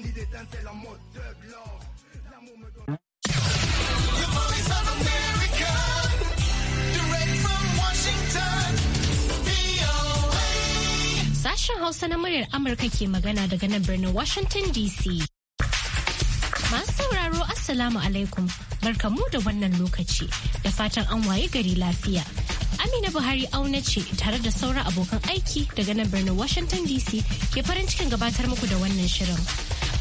Sashen Hausa na muryar Amurka ke magana daga nan birnin Washington DC. Masu sauraro Assalamu alaikum barkamu da wannan lokaci da fatan an waye gari lafiya. Amina Buhari auna ce tare da sauran abokan aiki daga nan birnin Washington DC ke farin cikin gabatar muku da wannan shirin.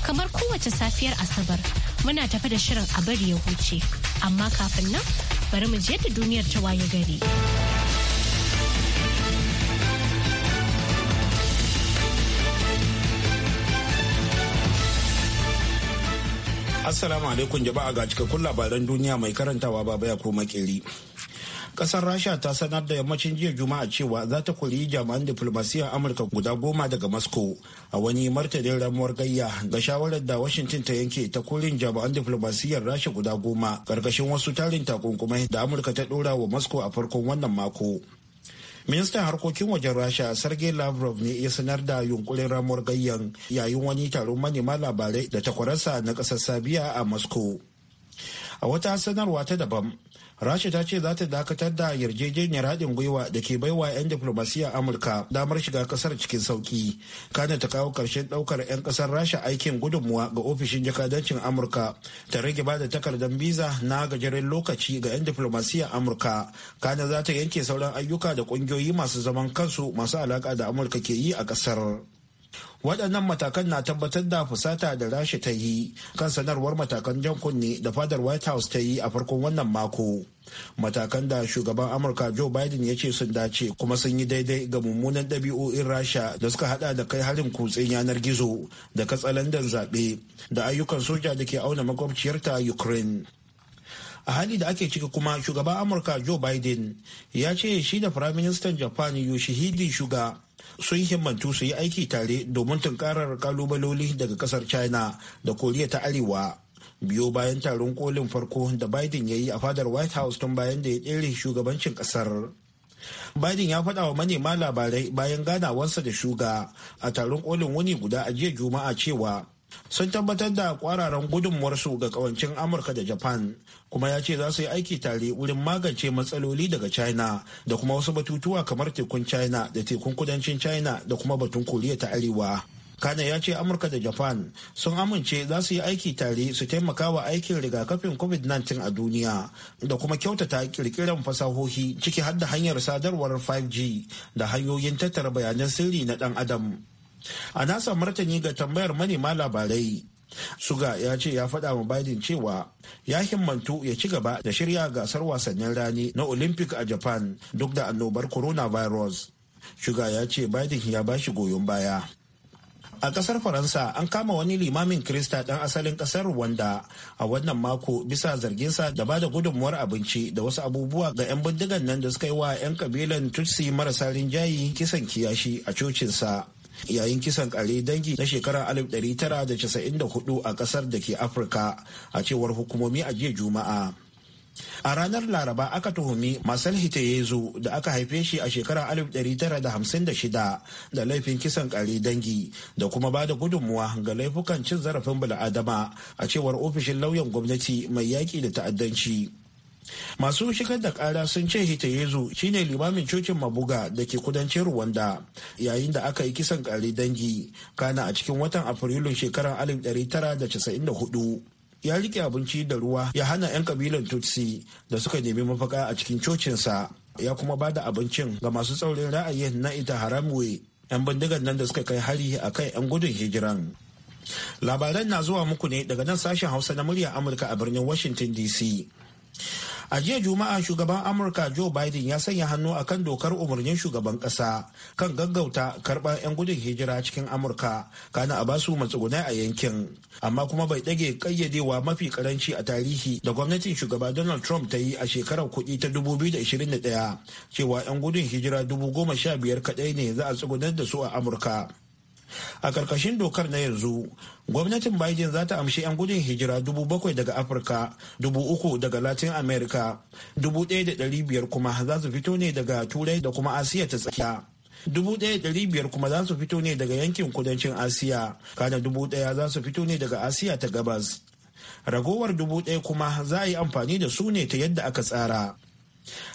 kamar kowace safiyar asabar muna tafi da shirin a bari ya huce amma kafin nan bari mu je da duniyar ta waye gari Assalamu alaikum a ga cikakkun labaran duniya mai karantawa baba ya ko kiri. Ƙasar rasha ta sanar da yammacin jiya juma'a cewa za ta kori jami'an diflomasiyyar amurka guda goma daga moscow a wani martanin ramuwar gayya ga shawarar da washington ta yanke ta korin jami'an diflomasiyyar rasha guda goma karkashin wasu tarin takunkumai da amurka ta dora wa moscow a farkon wannan mako ministan harkokin wajen rasha sergei lavrov ne ya sanar da yunkurin ramuwar gayyan yayin wani taron manema labarai da takwararsa na ƙasar sabiya a moscow a wata sanarwa ta daban rasha ta ce za ta dakatar da yarjejeniyar haɗin gwiwa da ke baiwa 'yan diflomasiyya amurka damar shiga ƙasar cikin sauƙi kana ta kawo ƙarshen ɗaukar 'yan ƙasar rasha aikin gudunmuwa ga ofishin jakadancin amurka ta rage ba da takardar biza na gajeren lokaci ga 'yan diflomasiyya amurka kana za ta yanke sauran ayyuka da ƙungiyoyi masu zaman kansu masu alaƙa da amurka ke yi a ƙasar. waɗannan matakan na tabbatar da fusata da rashi ta yi kan sanarwar matakan jan kunne da fadar white house ta yi a farkon wannan mako matakan da shugaban amurka joe biden ya ce sun dace kuma sun yi daidai ga mummunan ɗabi'o'in rasha da suka hada da kai harin kutsen yanar gizo da katsalandan zaɓe da ayyukan soja da ke auna makwabciyarta ukraine a hali da ake ciki kuma shugaban amurka joe biden ya ce shi da firaministan japan yoshihide shuga sun himmantu su yi aiki tare domin tunkarar kalubaloli daga kasar china da koriya ta arewa biyo bayan taron kolin farko da biden ya yi a fadar white house tun bayan da ya ɗere shugabancin kasar biden ya faɗa wa manema labarai bayan ganawarsa da shuga a taron kolin wani guda a jiya juma'a cewa sun tabbatar da kwararan gudunmuwarsu ga kawancin amurka da japan kuma ya ce za su yi aiki tare wurin magance matsaloli daga china da kuma wasu batutuwa kamar tekun china da tekun kudancin china da kuma batun koriya ta arewa kana ya ce amurka da japan sun amince za su yi aiki tare su taimaka wa aikin rigakafin covid-19 a duniya da kuma kyautata kirkiran fasahohi ciki har hanyar sadarwar 5g da hanyoyin tattara bayanan sirri na dan adam a nasa martani ga tambayar manema labarai suga ya ce ya faɗa wa biden cewa ya himmantu ya ci gaba da shirya gasar wasannin rani na olympic a japan duk da annobar coronavirus suga ya ce biden ya ba shi goyon baya a ƙasar faransa an kama wani limamin krista ɗan asalin ƙasar rwanda a wannan mako bisa zarginsa da ba da gudunmuwar abinci da wasu abubuwa ga 'yan bindigan nan da suka yi wa 'yan kabilan tutsi marasa rinjayi kisan kiyashi a cocinsa yayin kisan kare dangi na shekarar 1994 a kasar da ke afirka a cewar hukumomi a jiya juma'a a ranar laraba aka tuhumi masal hiteyezu da aka haife shi a shekarar 1956 da laifin kisan kare dangi da kuma ba da gudunmuwa ga laifukan cin zarafin bala'adama a cewar ofishin lauyan gwamnati mai yaƙi da ta'addanci masu shigar da kara sun ce hitayezu shine limamin cocin mabuga da ke kudancin rwanda yayin da aka yi kisan kare dangi kana a cikin watan afrilun shekarar 1994 ya rike abinci da ruwa ya hana 'yan kabilan tutsi da suka nemi mafaka a cikin cocinsa ya kuma ba da abincin ga masu tsaurin ra'ayin na ita haramwe 'yan bindigar nan da suka kai hari a kan 'yan gudun hijiran labaran na zuwa muku ne daga nan sashen hausa na murya amurka a birnin washington dc a jiya juma'a shugaban amurka joe biden ya sanya hannu a kan dokar umarnin shugaban ƙasa kan gaggauta karɓar 'yan gudun hijira cikin amurka kana a basu matsugunai a yankin amma kuma bai ɗage ƙayyadewa mafi karanci a tarihi da gwamnatin shugaba donald trump ta yi a shekarar kuɗi ta 2021 cewa 'yan gudun hijira dubu goma sha biyar kaɗai ne za a tsugunar da su a amurka a ƙarƙashin dokar na yanzu gwamnatin biden za ta amshi 'yan gudun hijira dubu bakwai daga afirka dubu uku daga latin america dubu ɗaya da ɗari biyar kuma za su fito ne daga turai da kuma asiya ta tsakiya dubu ɗaya da ɗari biyar kuma za su fito ne daga yankin kudancin asiya kana dubu ɗaya za su fito ne daga asiya ta gabas ragowar dubu ɗaya kuma za a yi amfani da su ne ta yadda aka tsara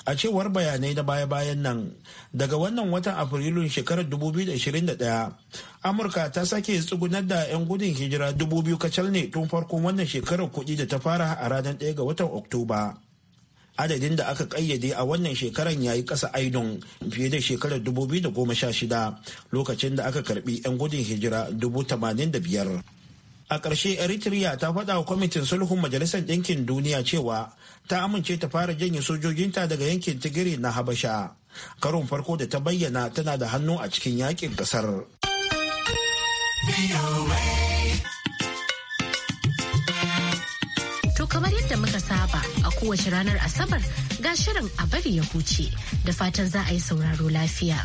A cewar bayanai na baya-bayan nan, daga wannan watan Afrilun shekarar 2021, Amurka ta sake tsugunar da 'yan gudun hijira 2,000 kacal ne tun farkon wannan shekarar kuɗi da ta fara a ranar 1 ga watan Oktoba. Adadin da aka kayyade a wannan shekarar yayi kasa ƙasa aidon fiye da shekarar 2016 lokacin da aka karbi 'yan gudun hijira 85,000. A ƙarshe Eritrea ta faɗa wa kwamitin sulhun Majalisar Ɗinkin Duniya cewa ta amince ta fara janye sojojinta daga yankin tigiri na habasha karon farko da ta bayyana tana da hannu a cikin yakin kasar to kamar yadda muka saba a kowace ranar asabar ga shirin a bari ya huce da fatan za a yi sauraro lafiya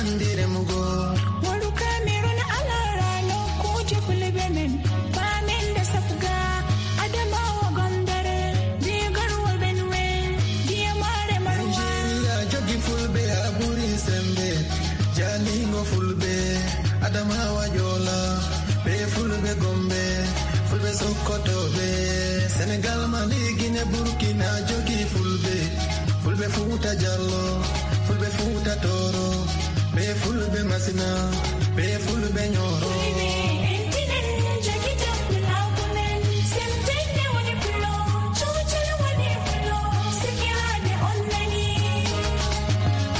bandire mugo waru kamerun alara no kuji fulbenin bamen da safga adamawa gondare digar wa benwe diya mare marwa Nigeria jogi fulbe aburi sembe jalingo fulbe adamawa jola be fulbe gombe fulbe sokoto be senegal mali guinea burkina jogi fulbe fulbe fuuta jallo fulbe fuuta toro be fulɓe masina be fulɓe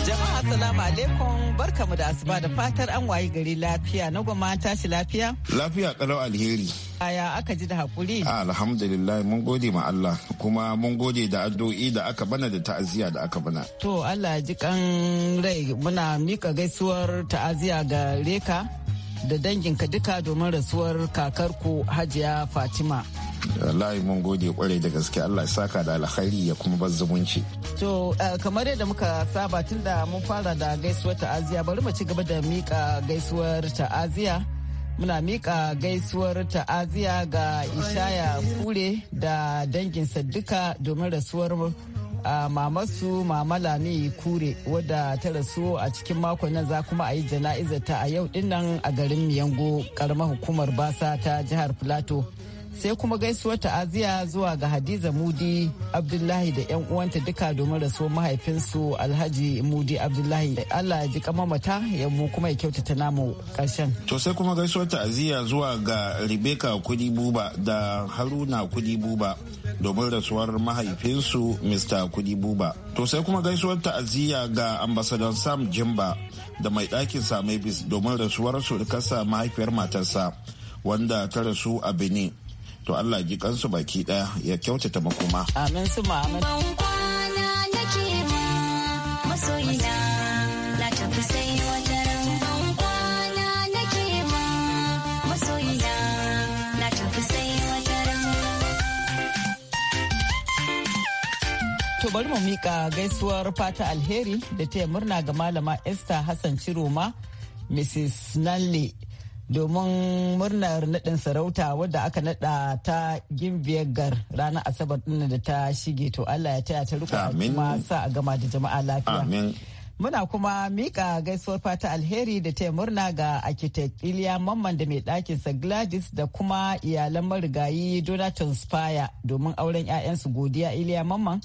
Jama'a Assalamu alaikum barkamu da asuba da fatar an wayi gari lafiya na gwamma tashi lafiya? Lafiya kalau alheri. Aya aka ji da hakuri. Ah, alhamdulillah mun gode ma Allah kuma mun gode da addu'o'i da aka bana da ta'aziyya da aka bana. To Allah ji kan rai muna mika gaisuwar ta'aziya ga Reka da danginka duka domin rasuwar kakarku Hajiya Fatima. wallahi mun gode kwarai da gaske Allah ya saka da alkhairi ya kuma bar zumunci. To eh, kamar yadda muka saba tunda mun fara da gaisuwar ta'aziya bari mu ci gaba da mika gaisuwar ta'aziya. muna mika gaisuwar ta'aziya ga ishaya kure da dangin duka domin rasuwar a mamasu mamala ne kure wadda ta rasu a cikin makon nan za kuma a yi jana'izata a yau dinnan a garin miyango karamar hukumar basa ta jihar plateau sai kuma gaisuwar ta'aziyya zuwa ga hadiza mudi abdullahi da yan uwanta duka domin rasuwar mahaifinsu alhaji mudi abdullahi allah ya ji kamamata ya mu kuma ya kyautata namu karshen to sai kuma gaisuwar ta'aziyya zuwa ga rebecca kudi buba da haruna kudi buba domin rasuwar mahaifinsu mr kudi buba to sai kuma gaisuwar ta'aziyya ga ambasadon sam jimba da mai ɗakin sa mavis domin rasuwar surukarsa mahaifiyar matarsa wanda ta rasu a benin to Allah ji kansu baki daya ya kyautata makoma amin su ma'amin masoyina na tafi sai wata To bari mu mika gaisuwar fata alheri da taya murna ga malama Esther Hassan Ciroma, Mrs. Nanle domin murnar naɗin sarauta wadda aka naɗa ta gimbiyar ranar asabar ɗin da ta shige to Allah ya taya ta riko kuma sa a gama da jama'a lafiya. Muna kuma mika gaisuwar fata alheri da taya murna ga architect Iliya Mamman da mai ɗakinsa Gladys da kuma iyalan marigayi Donatus Spire domin auren 'ya'yansu godiya Iliya Mamman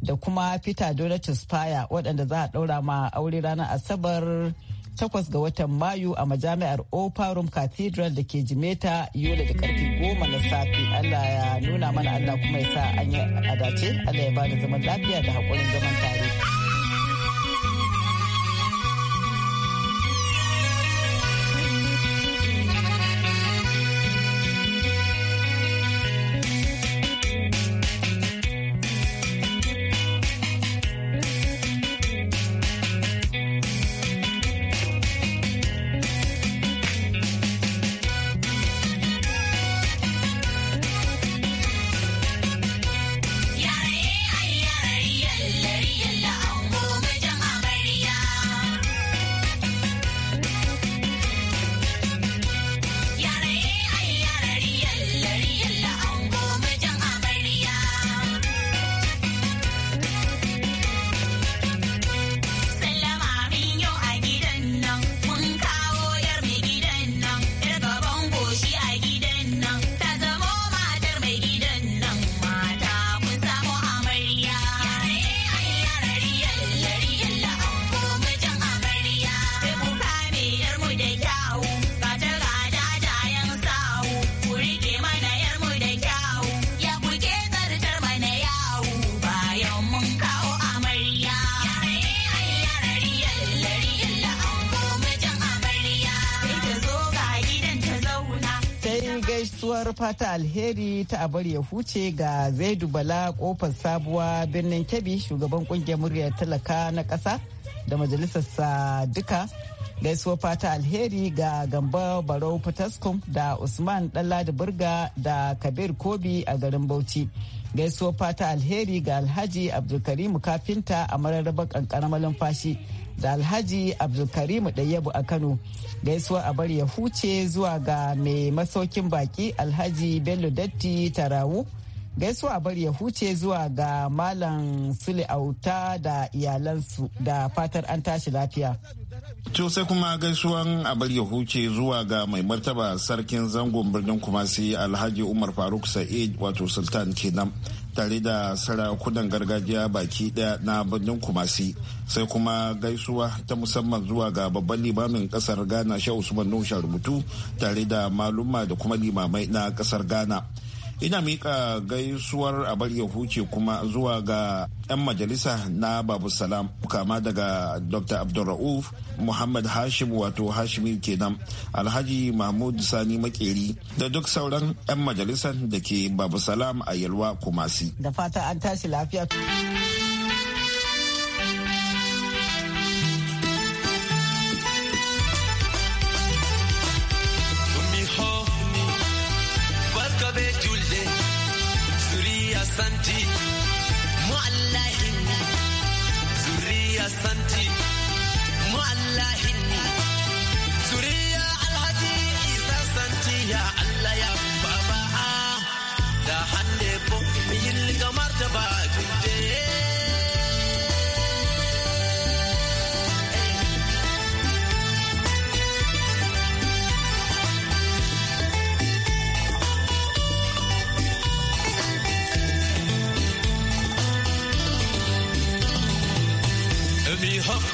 da kuma Peter Donatus Spire waɗanda za a ɗaura ma aure ranar Asabar Takwas ga watan Mayu a majami'ar Oparum Cathedral da ke Jimeta Yola da karfe goma na safe. Allah ya nuna mana Allah kuma ya sa an yi adace. Allah ya bada zaman lafiya da haƙurin zaman tare. fata alheri ta abar ya huce ga zaidu bala kofar sabuwa birnin kebbi shugaban kungiyar muryar talaka na ƙasa da majalisarsa duka gaisuwar fata alheri ga gamba barau fataskum da usman ɗanladi burga da kabir kobi a garin bauchi gaisuwar fata alheri ga alhaji abdulkarimu kafinta a mararraba kankanar malumfashi fashi da alhaji abdulkarimu ɗayyabu a kano gaisuwa a bari ya huce zuwa ga mai masaukin baki alhaji bello datti tarawu gaisuwa bari ya huce zuwa ga malam sule auta da iyalansu da fatar an tashi lafiya to sai kuma gaisuwan abar ya huce zuwa ga mai martaba sarkin zangon birnin kumasi alhaji umar faruk sa'id wato sultan kenan tare da sarakunan gargajiya baki daya na birnin kumasi sai kuma gaisuwa ta musamman zuwa ga babban limamin kasar ghana sha usman nusha rubutu tare da maluma da kuma limamai na kasar ghana ina miƙa gaisuwar abar ya huce kuma zuwa ga 'yan majalisa na babu salam kama daga dr abdulra'uf muhammad hashim wato hashimi kenan alhaji mahmud sani makeri da duk sauran 'yan majalisa da ke babu salam a yalwa kumasi da fata an tashi lafiya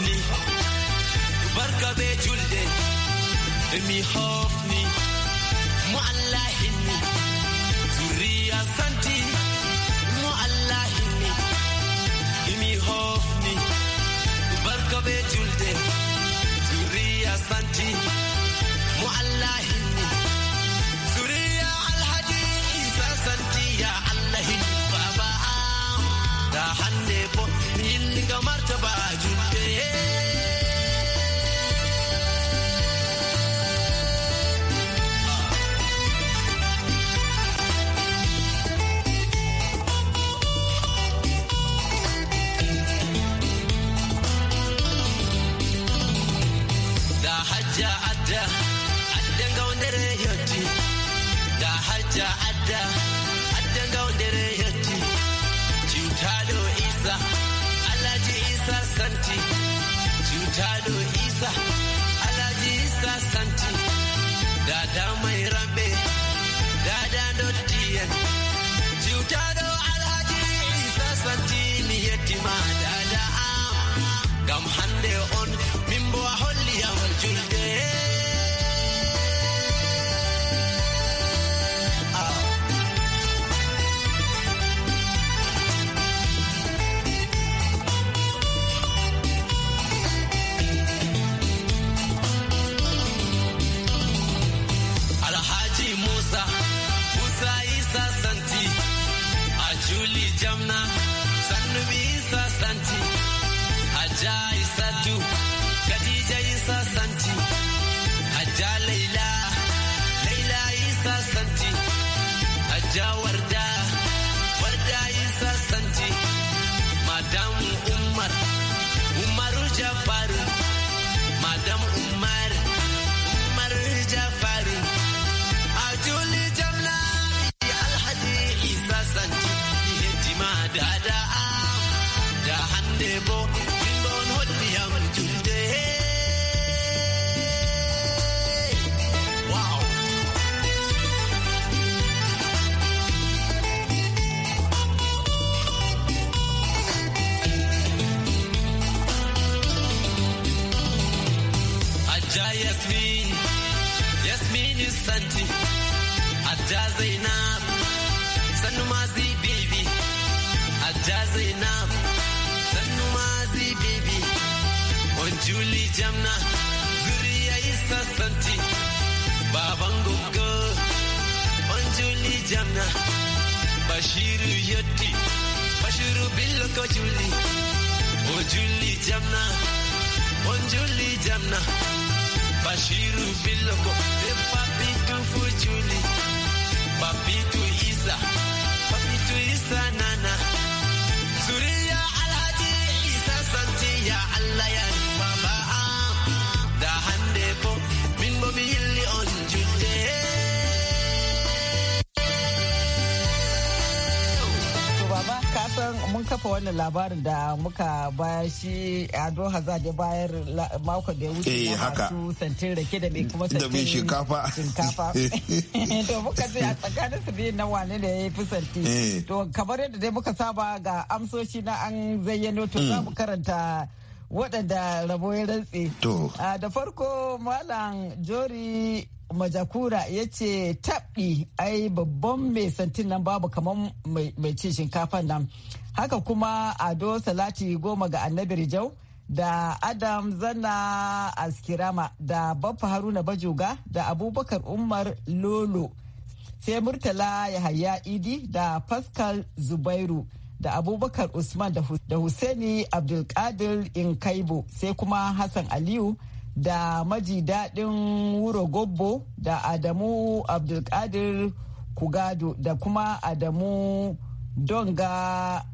hoppni barka be julde mi hoppni mo Allah hinni zuriya santi mo Allah hinni mi hoppni barka be julde zuriya santi mo Allah hinni zuriya alhaji isa santi ya Allah hinni baba da hanne bo martaba ju hajja adda addan ga wanda da da hajja jazina sannu mazi bibi on juli jamna zuriya isa santi baban gogo on juli jamna bashiru yotti bashiru billo ko juli on juli jamna on juli jamna bashiru billo ko e papi tu fu juli papi tu isa papi tu isa na mun kafa wannan labarin da muka bayar shi Ado Hazard ya bayar mako da ya wuce eh, na masu santin rake da mai kuma santin shinkafa. Eh. To muka ce a tsakanin su biyu na wane da ya fi santi. Eh. To kamar yadda dai muka saba ga amsoshi na an zayyano to za mu mm. karanta waɗanda rabo ya rantse. To. Ah, da farko Malam Jori majakura ya ce taɓi ai babban mai santin nan babu kamar mai cin shinkafa nan haka kuma ado salati goma ga annabi rijau da adam Zana askirama da baffa haruna bajoga da abubakar umar lolo sai murtala yahaya idi da pascal zubairu da abubakar usman da Hussaini abdulkadir inkaibo sai kuma hassan aliyu da maji daɗin wuro gobbo da adamu abdulkadir kugado da kuma adamu donga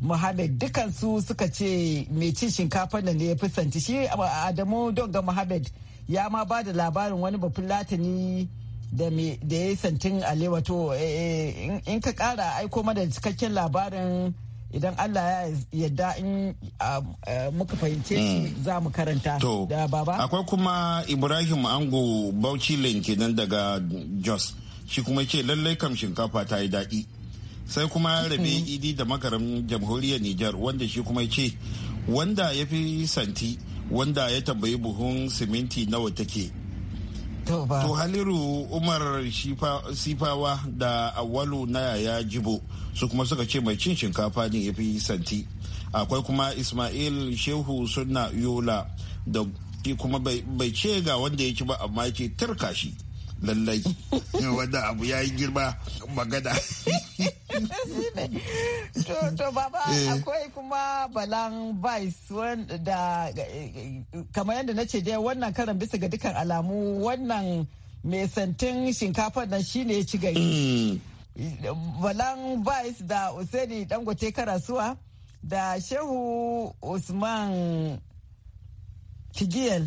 Muhammad su suka ce mai cin shinkafa da ne ya fusanci shi Adamu Dogga Muhammad ya ma ba da labarin wani bafin latini da ya yi santin alewa to eh, eh, in ka kara aiko mana cikakken labarin idan Allah ya yadda in um, eh, muka fahimce shi hmm. za mu karanta da baba. Akwai kuma Ibrahim Ango Bauchi Lenke nan daga Jos shi kuma ke lallai kam shinkafa ta yi daɗi. sai kuma rabe idi da makarin jamhuriyar niger wanda shi kuma ce wanda ya fi santi wanda ya tambayi buhun siminti nawa take to haliru umar sifawa da awalu na yaya jibo su kuma suka ce mai cin shinkafa ne ya fi santi akwai kuma ismail shehu suna yola da kuma bai ce ga wanda ya ci ba amma ya ce tarka shi lallai wadda abu ya yi girma magana to baba eh. akwai kuma balan vice wanda kamar yadda na ce dai wannan karan bisa ga dukkan alamu wannan mai santin shinkafar nan shine ya ci gari hmm. balan vice da usaini dangote karasuwa da shehu usman kigiyar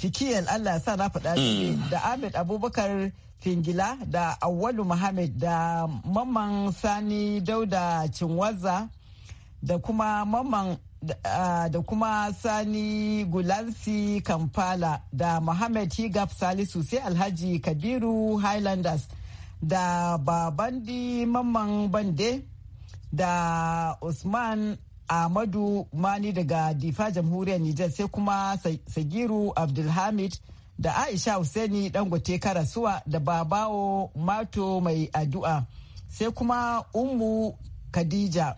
Kikiyan Allah sa na faɗa mm. da Ahmed Abubakar Fingila da Awalu Muhammad da Mamman Sani Dauda Cinwaza da kuma Mamman da kuma Sani Gulansi Kampala da Muhammad Higaf Salisu sai Alhaji Kabiru Highlanders da Babandi Mamman Bande da Usman Ahmadu Mani daga Difa Jamhuriyar Nijar sai kuma Sagiru Abdulhamid da Aisha Hussaini Dangote Karasuwa da Babawo Mato Mai Addu'a sai kuma Ummu Khadija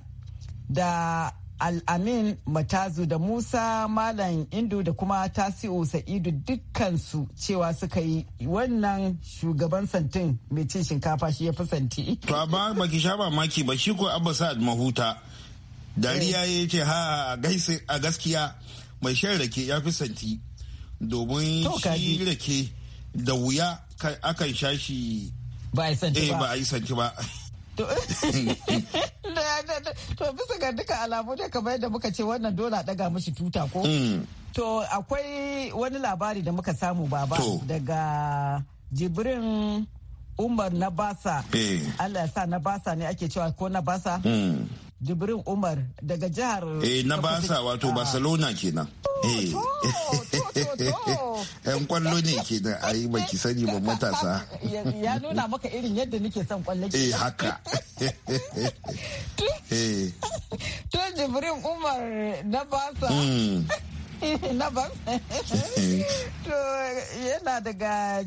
da Al'amin Matazu da Musa Malam Indu da kuma Tasi'u Sa'idu dukkansu cewa suka yi wannan shugaban santin mai cin shinkafa shi ya fi santi. To ba ki sha ba maki ba shi ko Abba Sa'ad Mahuta. dariya eh. ya ce ha a gaskiya mai shan rake ya fi santi domin shi rake da wuya akan sha shi ba a yi santi eh, ba a yi santi ba to bisa ga duka alamu da kamar yadda muka ce wannan dole a daga mashi tuta ko hmm. to akwai wani labari da muka samu baba daga jibrin umar na basa eh. allah ya sa na basa ne ake cewa ko na basa hmm. Jibrin Umar daga jihar. Eh na basa wato ah. Barcelona kenan. Oh, eh. Yan kwallo ne kenan ayi baki sani ba matasa. Ya nuna maka irin yadda nake son kwallo. Eh haka. Eh. To Jibrin Umar na basa. Hmm. Eh. To yana daga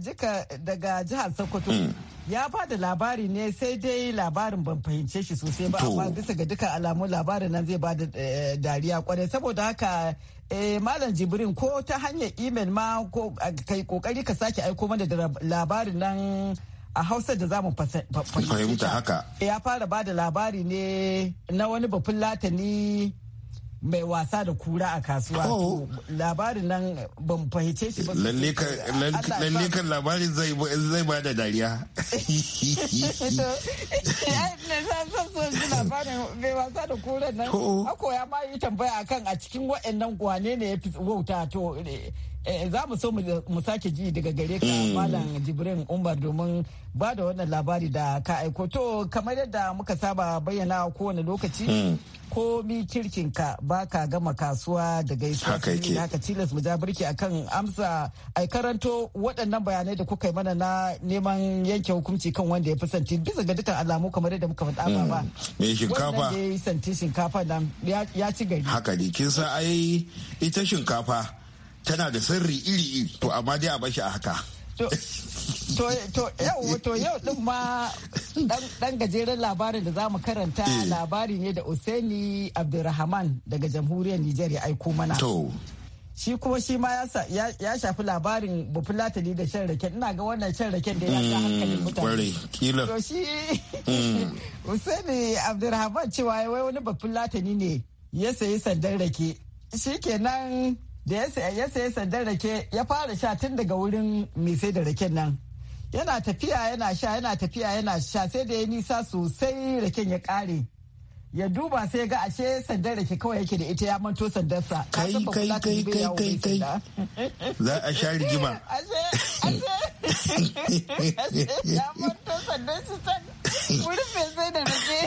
jihar Sokoto. Hmm. ya ba labari ne sai dai labarin ban fahimce shi sosai ba amma bisa ga duka alamu labarin nan zai bada eh, dariya kwarai saboda haka eh, malam jibrin ko ta hanyar imel ma ko kai kokari ka sake aiko mana da labarin nan a hausa da za fahimta haka eh, ya fara bada labari ne na wani bafin latani mai wasa da kura a kasuwa oh. labarin nan ban fahimce shi ba lalle kan labarin zai zai ba da dariya labarin mai wasa da kura nan ako ya ma yi tambaya akan a cikin waɗannan gwane ne ya fi wauta to eh, Eh, za mu so mu sake ji daga gare ka hmm. malam jibrin umar domin ba da wannan labari da ka aiko to kamar yadda muka saba bayyana kowane lokaci hmm. ko mi kirkin ka ba ka gama kasuwa da gaisuwa haka tilas mu ja birki akan amsa ai waɗannan bayanai da kuka yi mana na neman yanke hukunci kan wanda ya fi santi bisa ga dukkan alamu kamar yadda muka faɗa ba hmm. ba me shinkafa wannan da ya santi shinkafa nan ya ci gari haka ne kin ai ita shinkafa tana da sirri iri-iri to amma dai a bashi a haka to yau to yau din ma dan gajeren labarin da zamu karanta eh. labari ne da Useni Abdulrahman daga jamhuriyar Nijar ya aiko mana to shi kuma shi ma ya shafi labarin bufulatani da shan raken ina ga wannan shan raken da ya sa mm, hankalin mutane to shi mm. Useni Abdulrahman cewa wai wani bufulatani ne ya sayi sandan rake shikenan da ya sayi sandan rake ya fara sha tun daga wurin mai sai da raken nan yana tafiya yana sha yana tafiya yana sha sai da ya nisa sosai raken ya kare ya duba sai ga ashe sandan rake kawai yake da ita ya manto sandarsa kai kai kai kai kai kai za a sha rigima ashe ya manto sandarsa wurin mai sai da rake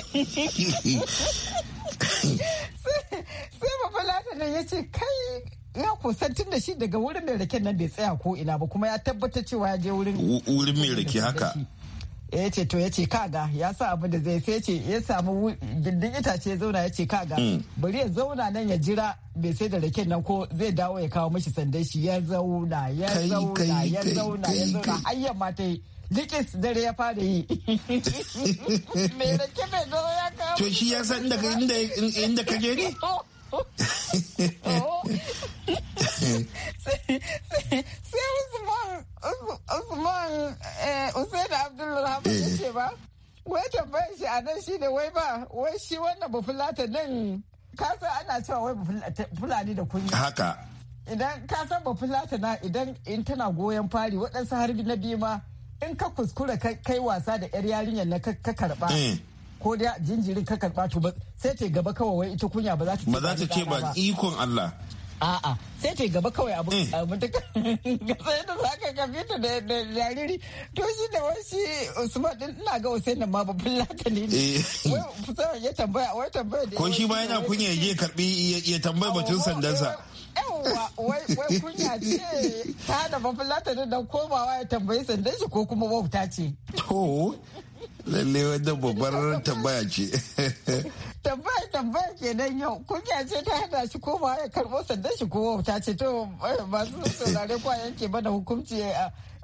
sai babalata ne ya ce kai ya kusan tun da shi daga wurin mai raken nan bai tsaya ko ina ba kuma ya tabbata cewa ya je wurin wurin mai rake haka ya ce to ya ce kaga ya sa abin da zai sai ce ya samu gindin itace ya zauna ya ce kaga hmm. bari ya zauna nan ya jira bai sai da raken nan ko zai dawo ya kawo mashi sandan shi ya zauna ya zauna ya zauna ya zauna ayyan yamma ta yi likis dare ya fara yi mai rake bai zo ya kawo to shi ya san inda inda kake ne oh, oh, oh. tambayar shi a nan shi ne wai ba wai shi wannan bafulata nan ka san ana cewa wai fulani da kunya. Haka. Idan ka san bafulata na idan in tana goyon fari waɗansu harbi na biyu ma in ka kuskura kai wasa da yar yarinyar na ka karɓa. Eh. Ko da jinjirin ka karɓa to sai ta gaba kawai ita kunya ba Ba za ta ce ba ikon Allah. a'a sai ta gaba kawai abu mm. abu ta sai da ka kafe ta da jariri to shi da wani Usman din ina ga wasu yana ma ba latani ne eh. wai ya tambaya wai tambaya ko shi ma yana kunya ya karbi ya tambaya batun sandansa wai kunya ce ta da fulata da dan komawa ya tambayi sandan shi ko kuma wauta ce to lalle wadda babbar tambaya ce tambaya tambaya ke nan yau kunya ce ta hada shi ko ya karbo sandan shi ko ta ce to masu saurare kwa yanke bada hukunci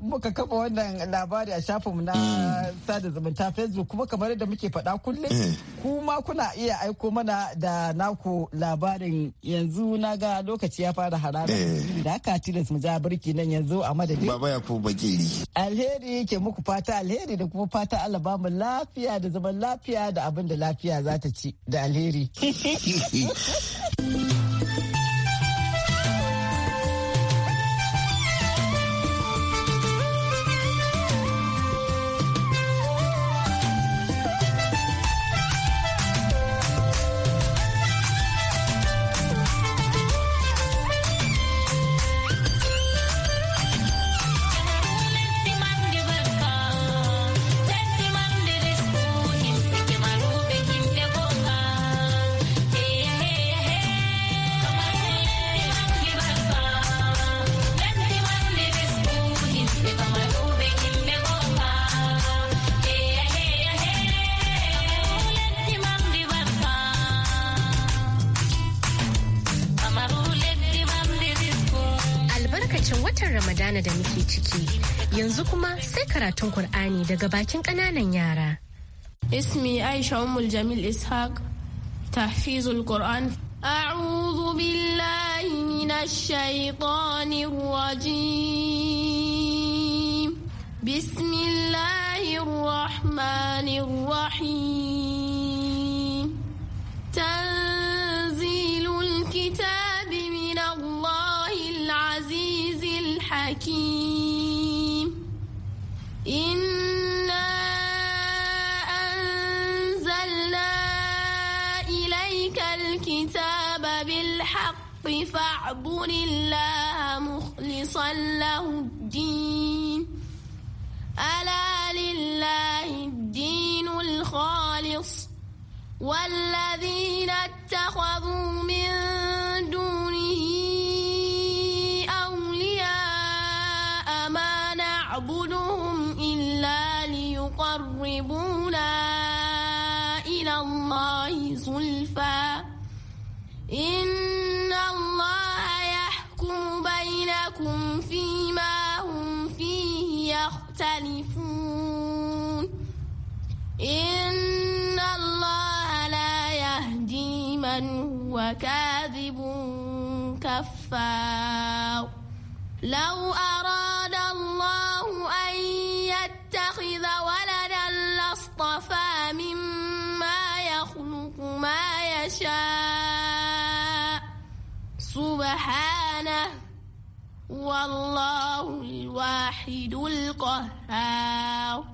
muka kafa wannan labari a shafinmu na sada zumunta facebook kuma kamar yadda muke faɗa kullum eh. kuma kuna iya aiko mana da naku labarin yanzu na ga lokaci ya fara harara eh. da haka tilas mu ja birki nan yanzu a madadin baba ya ko bakeri alheri ke muku fata alheri da kuma fata Allah ba mu lafiya da zaman lafiya da abin da lafiya za ta ci da alheri karatun Kur'ani daga bakin ƙananan yara. Ismi Aisha Ummul Jamil Ishaq tahfizul Qur'an أعوذ بالله من الشيطان الرجيم بسم الله الرحمن الرحيم تنزيل الكتاب من الله العزيز الحكيم إنا أنزلنا إليك الكتاب بالحق فاعبد الله مخلصا له الدين ألا لله الدين الخالص والذين اتخذوا من هو كاذب كفار لو أراد الله أن يتخذ ولدا لاصطفى مما يخلق ما يشاء سبحانه والله الواحد القهار